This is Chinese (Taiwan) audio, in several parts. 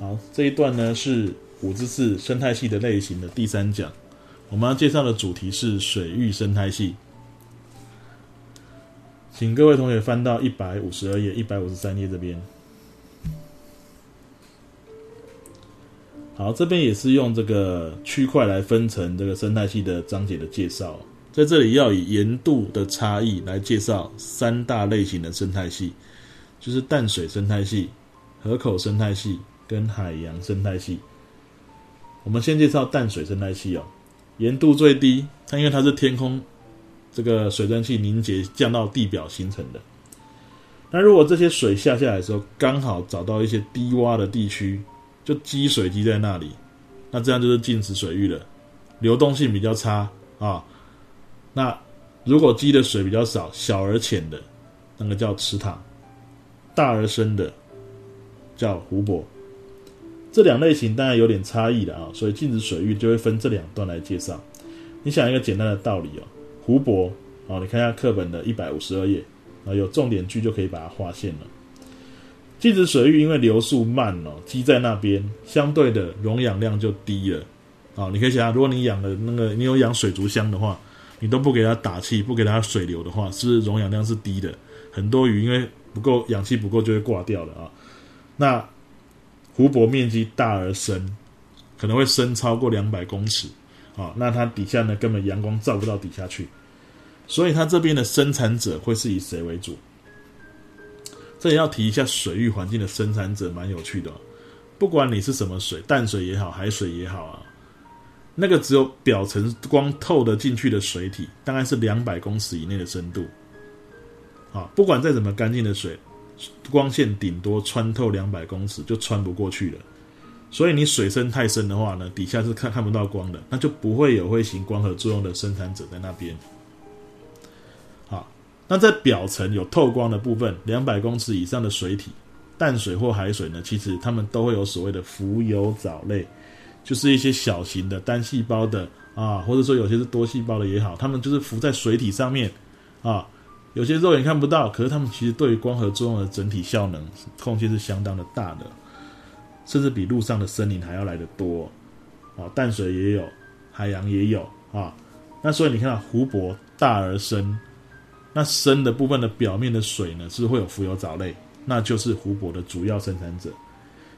好，這一段呢是五之四生態系的類型的第三講，我們要介紹的主題是水域生態系，請各位同學翻到一百五十二頁、一百五十三頁這邊。好，這邊也是用這個區塊來分成這個生態系的章節的介紹，在這裡要以鹽度的差異來介紹三大類型的生態系，就是淡水生態系、河口生態系。跟海洋生態系，我們先介紹淡水生態系哦。鹽度最低，它因為它是天空這個水蒸氣凝結降到地表形成的。那如果這些水下下來的時候，剛好找到一些低窪的地區，就積水積在那裡，那這樣就是靜止水域了，流動性比較差啊。那如果積的水比較少，小而淺的，那個叫池塘；大而深的，叫湖泊。這兩類型當然有點差異的啊，所以靜止水域就會分這兩段來介紹。你想一個簡單的道理哦、啊，湖泊，哦、啊，你看一下課本的一百五十二頁啊，有重點句就可以把它劃線了。靜止水域因為流速慢哦、啊，積在那邊，相對的溶氧量就低了啊。你可以想象，如果你養了那個，你有養水族箱的話，你都不給它打氣，不給它水流的話，是不是溶氧量是低的？很多魚因為不夠氧氣不夠就會掛掉了啊。那湖泊面積大而深，可能會深超過兩百公尺，啊、哦，那它底下呢，根本陽光照不到底下去，所以它這邊的生產者會是以誰為主？這裡要提一下水域環境的生產者蠻有趣的、哦，不管你是什麼水，淡水也好，海水也好啊，那個只有表層光透得進去的水體，大概是兩百公尺以內的深度，啊、哦，不管再怎麼乾淨的水。光線頂多穿透兩百公尺就穿不過去了，所以你水深太深的話呢，底下是看看不到光的，那就不會有會行光合作用的生產者在那邊。好，那在表層有透光的部分，兩百公尺以上的水體，淡水或海水呢，其實它們都會有所謂的浮游藻類，就是一些小型的單細胞的啊，或者說有些是多細胞的也好，它們就是浮在水體上面啊。有些肉眼看不到，可是他們其實對於光合作用的整體效能空間是相當的大的，甚至比陸上的森林還要來得多。哦，淡水也有，海洋也有啊。那所以你看湖泊大而深，那深的部分的表面的水呢，是會有浮游藻類，那就是湖泊的主要生產者。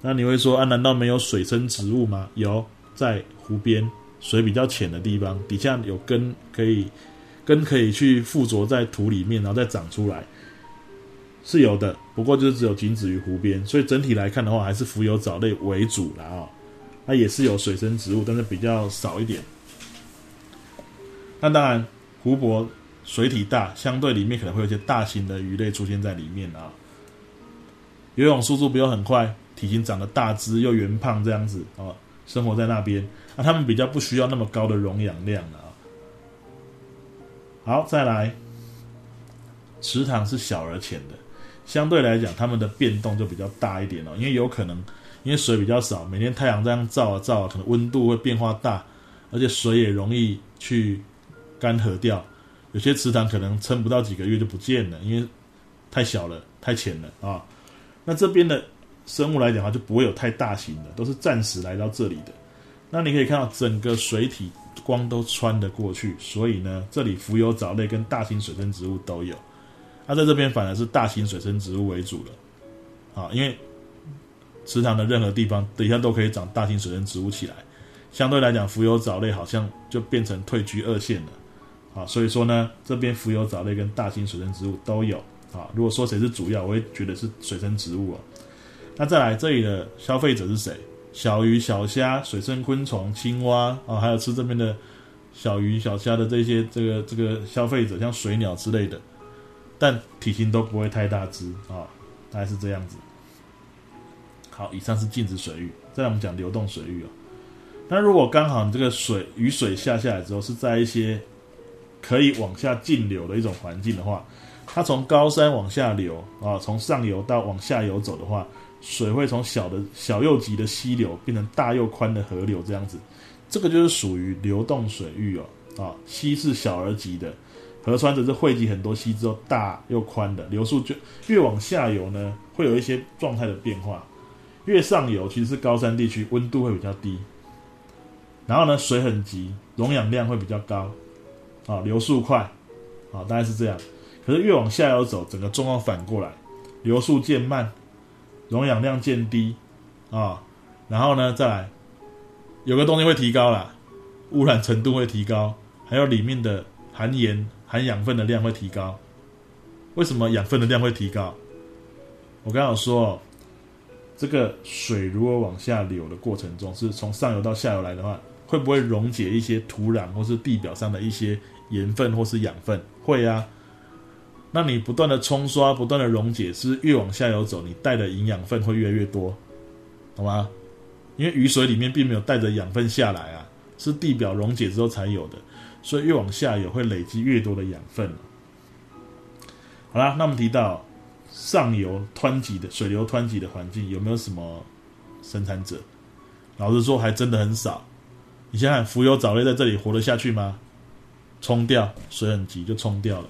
那你會說，啊，難道沒有水生植物嗎？有，在湖邊水比較淺的地方，底下有根可以。根可以去附着在土裡面，然後再長出來，是有的。不過就是只有僅止於湖邊，所以整體來看的話，還是浮游藻類為主了、哦、啊。它也是有水生植物，但是比較少一點。那當然，湖泊水體大，相對裡面可能會有一些大型的魚類出現在裡面啊、哦。游泳速度不用很快，體型長得大只又圓胖這樣子啊、哦，生活在那邊那、啊、他們比較不需要那麼高的溶氧量啊。好，再來。池塘是小而淺的，相對來講，它們的變動就比較大一點哦。因為有可能，因為水比較少，每天太陽這樣照啊照啊，可能溫度會變化大，而且水也容易去乾涸掉。有些池塘可能撐不到幾個月就不見了，因為太小了，太淺了啊、哦。那這邊的生物來講啊，它就不會有太大型的，都是暫時來到這裡的。那你可以看到整個水體。光都穿得過去，所以呢，這裡浮游藻類跟大型水生植物都有。那、啊、在這邊反而是大型水生植物為主了，啊，因為池塘的任何地方，等一下都可以長大型水生植物起來。相對來講，浮游藻類好像就變成退居二線了，啊，所以說呢，這邊浮游藻類跟大型水生植物都有，啊，如果說誰是主要，我會覺得是水生植物哦、啊。那再來，這裡的消費者是誰？小魚、小蝦、水生昆蟲、青蛙啊、哦，還有吃這邊的小魚、小蝦的這些這個這個消費者，像水鳥之類的，但體型都不會太大只啊、哦，大概是這樣子。好，以上是靜止水域，再來我們講流動水域哦。那如果剛好你這個水雨水下下來之後，是在一些可以往下徑流的一種環境的話，它從高山往下流啊，從、哦、上游到往下游走的話。水會從小的、小又急的溪流變成大又寬的河流，這樣子，這個就是屬於流動水域哦。啊、哦，溪是小而急的，河川則是匯集很多溪之後大又寬的，流速就越往下游呢，會有一些狀態的變化。越上游其實是高山地區，溫度會比較低，然後呢，水很急，溶氧量會比較高，啊、哦，流速快，啊、哦，大概是這樣。可是越往下游走，整個狀況反過來，流速漸慢。溶氧量漸低，啊、哦，然後呢，再來，有個東西會提高了，污染程度會提高，還有裡面的含鹽、含養分的量會提高。為什麼養分的量會提高？我剛剛說，這個水如果往下流的過程中，是從上游到下游來的話，會不會溶解一些土壤或是地表上的一些鹽分或是養分？會啊。那你不斷的沖刷，不斷的溶解，是，是越往下游走，你帶的營養分會越來越多，好嗎？因為雨水裡面並沒有帶着養分下來啊，是地表溶解之後才有的，所以越往下游會累積越多的養分。好啦，那我們提到上游湍急的水流、湍急的環境有沒有什麼生產者？老實說，還真的很少。你想想，浮游藻類在這裡活得下去嗎？沖掉，水很急就沖掉了。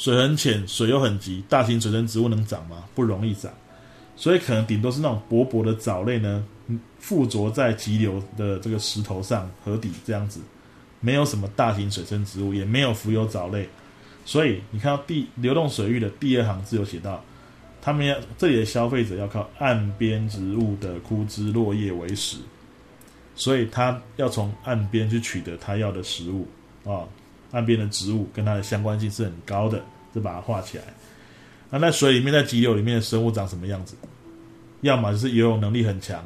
水很淺，水又很急，大型水生植物能長嗎？不容易長，所以可能頂多是那種薄薄的藻類呢，附着在急流的這個石頭上、河底這樣子，沒有什麼大型水生植物，也沒有浮游藻類，所以你看到第流動水域的第二行字有寫到，他們要這裡的消費者要靠岸邊植物的枯枝落葉為食，所以他要從岸邊去取得他要的食物啊。哦岸邊的植物跟它的相關性是很高的，就把它畫起來。那在水裡面在急流裡面的生物長什麼樣子？要麼就是游泳能力很強，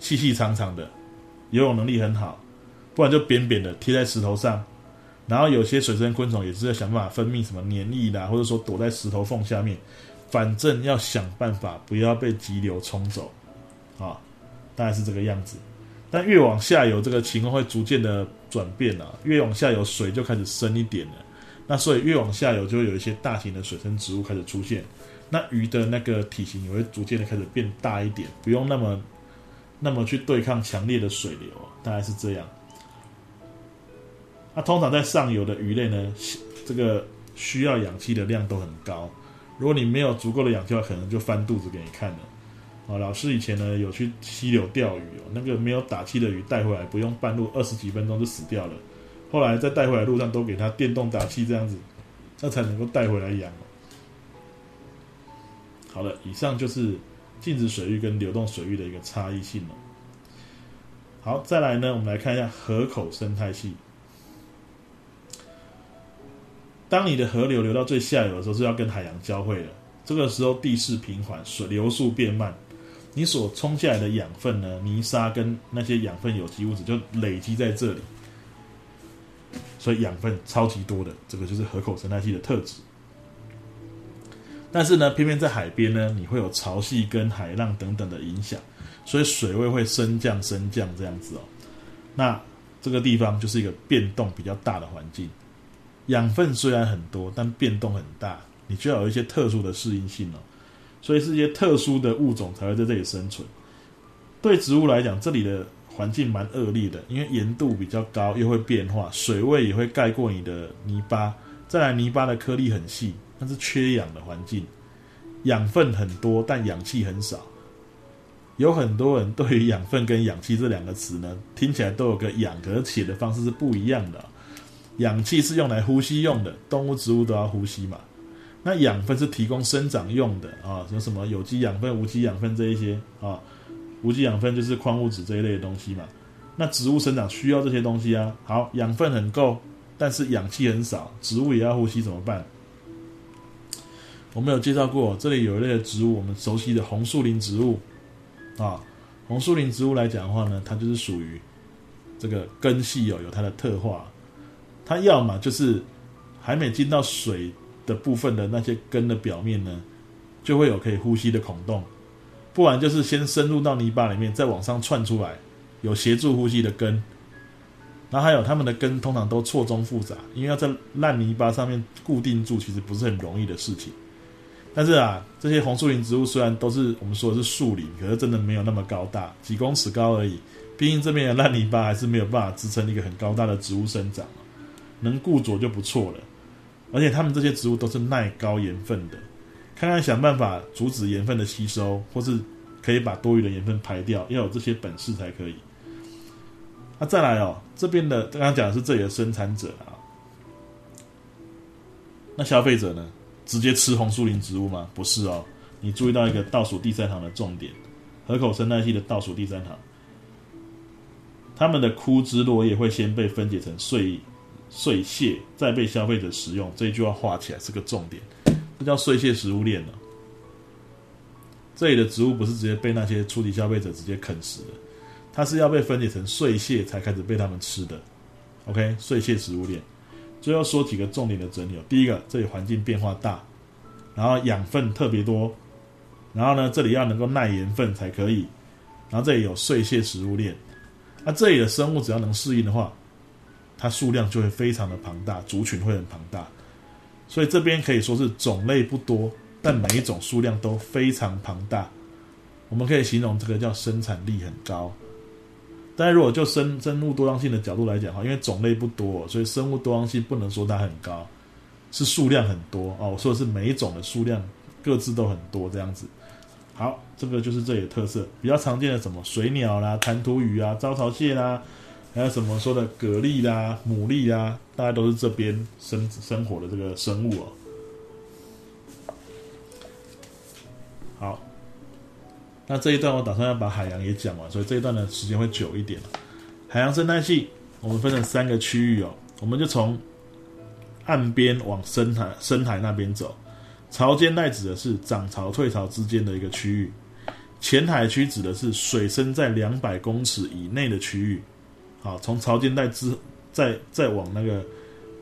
細細長長的，游泳能力很好；不然就扁扁的貼在石頭上。然後有些水生昆蟲也是在想辦法分泌什麼黏液啦，或者說躲在石頭縫下面，反正要想辦法不要被急流沖走啊，哦，大概是這個樣子。但越往下游，這個情況會逐漸的轉變吶、啊。越往下游，水就開始深一點了。那所以越往下游，就會有一些大型的水生植物開始出現。那魚的那個體型也會逐漸的開始變大一點，不用那麼那麼去對抗強烈的水流，啊，大概是這樣。那、啊、通常在上游的魚類呢，這個需要氧氣的量都很高。如果你沒有足夠的氧氣的話，可能就翻肚子給你看了。啊，老師以前呢有去溪流釣魚哦，那個沒有打氣的魚帶回來不用半路二十幾分鐘就死掉了。後來在帶回來的路上都給它電動打氣，這樣子，那才能夠帶回來養。好了，以上就是靜止水域跟流動水域的一個差異性了。好，再來呢，我們來看一下河口生態系。當你的河流流到最下游的時候，是要跟海洋交匯的。這個時候地勢平緩，水流速變慢。你所沖下來的養分呢，泥沙跟那些養分有機物質就累積在這裡，所以養分超級多的，這個就是河口生態系的特質。但是呢，偏偏在海邊呢，你會有潮汐跟海浪等等的影響，所以水位會升降升降這樣子哦。那這個地方就是一個變動比較大的環境，養分雖然很多，但變動很大，你就要有一些特殊的適應性哦。所以是一些特殊的物種才會在這裡生存。對植物來講，這裡的環境蠻惡劣的，因為鹽度比較高，又會變化，水位也會蓋過你的泥巴。再來，泥巴的顆粒很細，那是缺氧的環境，養分很多，但氧氣很少。有很多人對於養分跟氧氣這兩個詞呢，聽起來都有個“氧”，而且的方式是不一樣的，哦。氧氣是用來呼吸用的，動物、植物都要呼吸嘛。那養分是提供生長用的啊，像什麼有機養分、無機養分這一些啊，無機養分就是礦物質這一類的東西嘛。那植物生長需要這些東西啊。好，養分很夠，但是氧氣很少，植物也要呼吸怎麼辦？我們有介紹過，這裡有一類的植物，我們熟悉的紅樹林植物啊。紅樹林植物來講的話呢，它就是屬於這個根系有、哦、有它的特化，它要麼就是還沒進到水。的部分的那些根的表面呢，就會有可以呼吸的孔洞，不然就是先深入到泥巴裡面，再往上竄出來，有協助呼吸的根。然後還有它們的根通常都錯綜複雜，因為要在爛泥巴上面固定住，其實不是很容易的事情。但是啊，這些紅樹林植物雖然都是我們說的是樹林，可是真的沒有那麼高大，幾公尺高而已。畢竟這邊的爛泥巴還是沒有辦法支撐一個很高大的植物生長，能固着就不錯了。而且他們這些植物都是耐高鹽分的，看看想辦法阻止鹽分的吸收，或是可以把多餘的鹽分排掉，要有這些本事才可以。那、啊、再來哦，這邊的剛剛講的是這裡的生產者啊，那消費者呢？直接吃紅樹林植物嗎？不是哦。你注意到一個倒數第三行的重點，河口生態系的倒數第三行，它們的枯枝落葉會先被分解成碎葉。碎屑再被消費者食用，這一句話畫起來是個重點，這叫碎屑食物鏈、啊、這裡的植物不是直接被那些初級消費者直接啃食的，它是要被分解成碎屑才開始被他們吃的。OK，碎屑食物鏈。最後說幾個重點的整理哦。第一個，這裡環境變化大，然後養分特別多，然後呢，這裡要能夠耐鹽分才可以，然後這裡有碎屑食物鏈，那、啊、這裡的生物只要能適應的話，它數量就會非常的龐大，族群會很龐大，所以這邊可以說是種類不多，但每一種數量都非常龐大。我們可以形容這個叫生產力很高。但如果就生生物多樣性的角度來講的話，因為種類不多，所以生物多樣性不能說它很高，是數量很多哦，我說的是每一種的數量各自都很多這樣子。好，這個就是這裡的特色，比較常見的什麼水鳥啦、彈塗魚啊、招潮蟹啦。還有什麼說的蛤蜊啦、啊、牡蠣啦、啊，大家都是這邊生生活的這個生物哦。好，那這一段我打算要把海洋也講完，所以這一段的時間會久一點。海洋生態系我們分成三個區域哦，我們就從岸邊往深海、深海那邊走。潮間帶指的是漲潮、退潮之間的一個區域，淺海區指的是水深在兩百公尺以內的區域。好，從潮間帶之再再往那個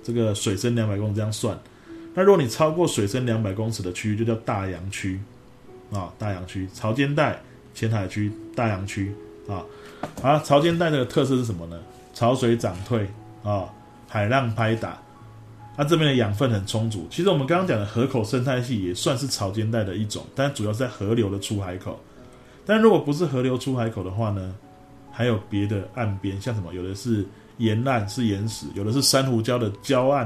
這個水深兩百公尺這樣算，那如果你超過水深兩百公尺的區域，就叫大洋區啊、哦，大洋區，潮間帶、淺海區、大洋區啊、哦。啊，潮間帶這個特色是什麼呢？潮水漲退啊、哦，海浪拍打，它、啊、這邊的養分很充足。其實我們剛剛講的河口生態系也算是潮間帶的一種，但主要是在河流的出海口。但如果不是河流出海口的話呢？還有別的岸邊，像什麼？有的是岩岸，是岩石；有的是珊瑚礁的礁岸，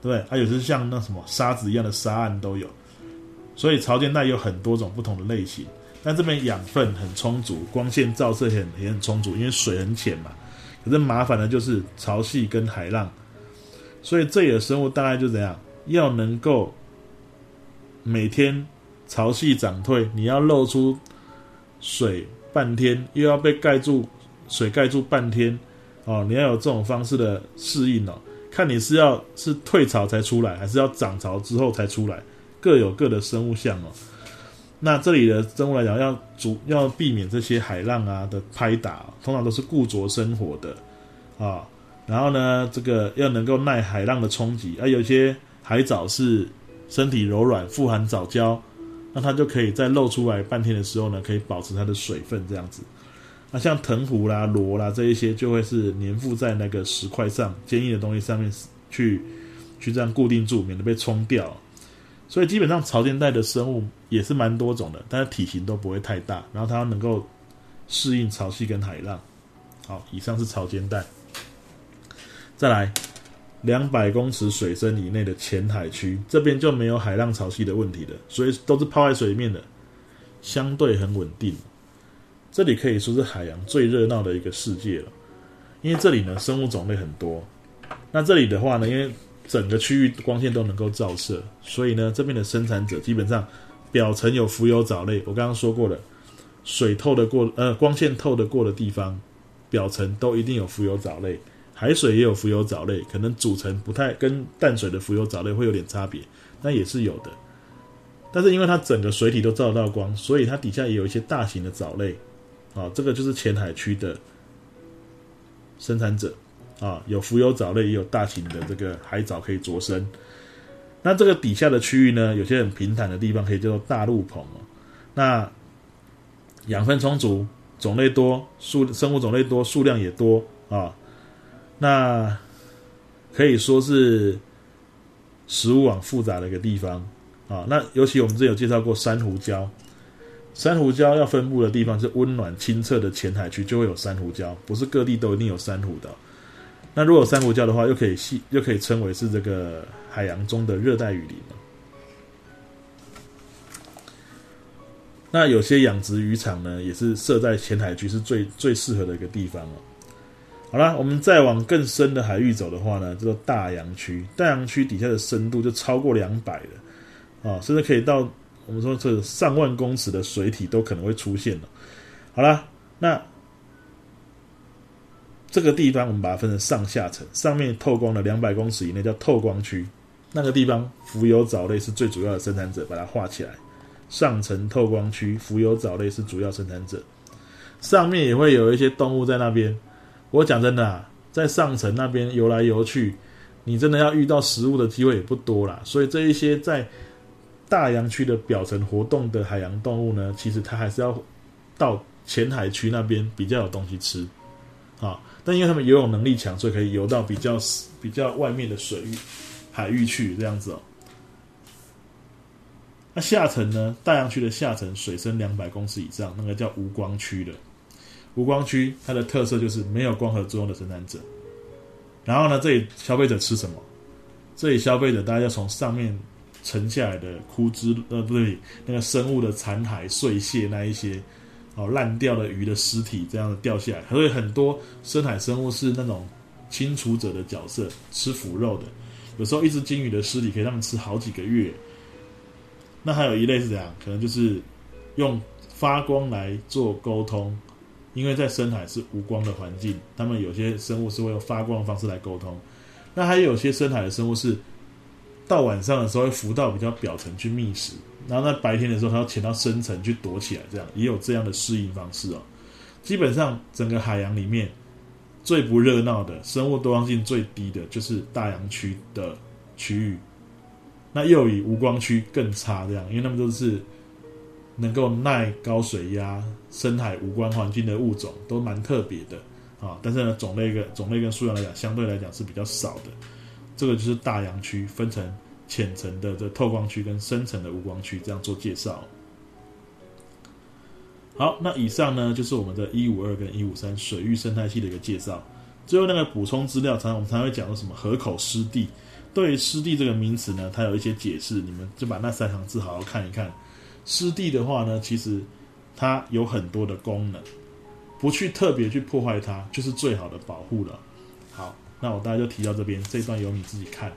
對不對？它、啊、有的是像那什麼沙子一樣的沙岸都有。所以潮間帶有很多種不同的類型。但這邊養分很充足，光線照射很也很充足，因為水很淺嘛。可是麻煩的就是潮汐跟海浪，所以這裡的生物大概就怎樣？要能夠每天潮汐漲退，你要露出水半天，又要被蓋住。水蓋住半天，哦，你要有這種方式的適應哦。看你是要是退潮才出來，還是要漲潮之後才出來，各有各的生物相哦。那這裡的生物來講，要主要避免這些海浪啊的拍打、哦，通常都是固着生活的啊、哦。然後呢，這個要能夠耐海浪的衝擊，而、啊、有些海藻是身體柔軟、富含藻膠，那它就可以在露出來半天的時候呢，可以保持它的水分這樣子。那、啊、像藤壺啦、螺啦這一些，就會是粘附在那個石塊上、堅硬的東西上面去去這樣固定住，免得被沖掉哦。所以基本上潮間帶的生物也是蠻多種的，但是體型都不會太大。然後它能夠適應潮汐跟海浪。好，以上是潮間帶。再來，兩百公尺水深以內的淺海區，這邊就沒有海浪、潮汐的問題了，所以都是泡在水裡面的，相對很穩定。這裡可以說是海洋最熱鬧的一個世界了，因為這裡呢生物種類很多。那這裡的話呢，因為整個區域光線都能夠照射，所以呢這邊的生產者基本上表層有浮游藻類。我剛剛說過了，水透得過，呃，光線透得過的地方，表層都一定有浮游藻類。海水也有浮游藻類，可能組成不太跟淡水的浮游藻類會有點差別，那也是有的。但是因為它整個水體都照得到光，所以它底下也有一些大型的藻類。啊、哦，這個就是淺海區的生產者啊，有浮游藻類，也有大型的這個海藻可以着生。那這個底下的區域呢，有些很平坦的地方，可以叫做大陸棚。那養分充足，種類多，數生物種類多，數量也多啊。那可以說是食物網複雜的一個地方啊。那尤其我們這有介紹過珊瑚礁。珊瑚礁要分布的地方是溫暖、清澈的淺海區，就會有珊瑚礁，不是各地都一定有珊瑚的。那如果有珊瑚礁的話，又可以細，又可以稱為是這個海洋中的熱帶雨林。那有些養殖漁場呢，也是設在淺海區，是最最適合的一個地方了。好了，我們再往更深的海域走的話呢，叫做大洋區，大洋區底下的深度就超過兩百了，啊，甚至可以到。我們說這上萬公尺的水體都可能會出現了。好啦，那這個地方我們把它分成上下層，上面透光的兩百公尺以內叫透光區，那個地方浮游藻類是最主要的生產者，把它畫起來。上層透光區浮游藻類是主要生產者，上面也會有一些動物在那邊。我講真的啊，在上層那邊游來游去，你真的要遇到食物的機會也不多啦。所以這一些在大洋區的表層活動的海洋動物呢，其實它還是要到淺海區那邊比較有東西吃啊。但因為它們游泳能力強，所以可以游到比較比較外面的水域、海域去這樣子哦、喔。那、啊、下層呢？大洋區的下層水深兩百公尺以上，那個叫無光區的無光區，它的特色就是沒有光合作用的生產者。然後呢，這裡消費者吃什麼？這裡消費者大家要從上面。沉下來的枯枝，呃，不對，那個生物的殘骸、碎屑那一些，哦，爛掉的魚的屍體這樣的掉下來，所以很多深海生物是那種清除者的角色，吃腐肉的。有時候一只鯨魚的屍體可以讓他們吃好幾個月。那還有一類是怎樣？可能就是用發光來做溝通，因為在深海是無光的環境，他們有些生物是會用發光的方式來溝通。那還有些深海的生物是。到晚上的時候會浮到比較表層去覓食，然後在白天的時候它要潛到深層去躲起來，這樣也有這樣的適應方式哦。基本上整個海洋裡面最不熱鬧的、生物多樣性最低的，就是大洋區的區域。那又以無光區更差，這樣，因為它們都是能夠耐高水壓、深海無光環境的物種，都蠻特別的啊。但是呢，種類跟種類跟數量來講，相對來講是比較少的。這個就是大洋區分成淺層的這透光區跟深層的無光區，這樣做介紹。好，那以上呢就是我們的152跟153水域生態系的一個介紹。最後那個補充資料，常我們常會講到什麼河口濕地。對於濕地這個名詞呢，它有一些解釋，你們就把那三行字好好看一看。濕地的話呢，其實它有很多的功能，不去特別去破壞它，就是最好的保護了。好。那我大概就提到這邊，這一段由你自己看。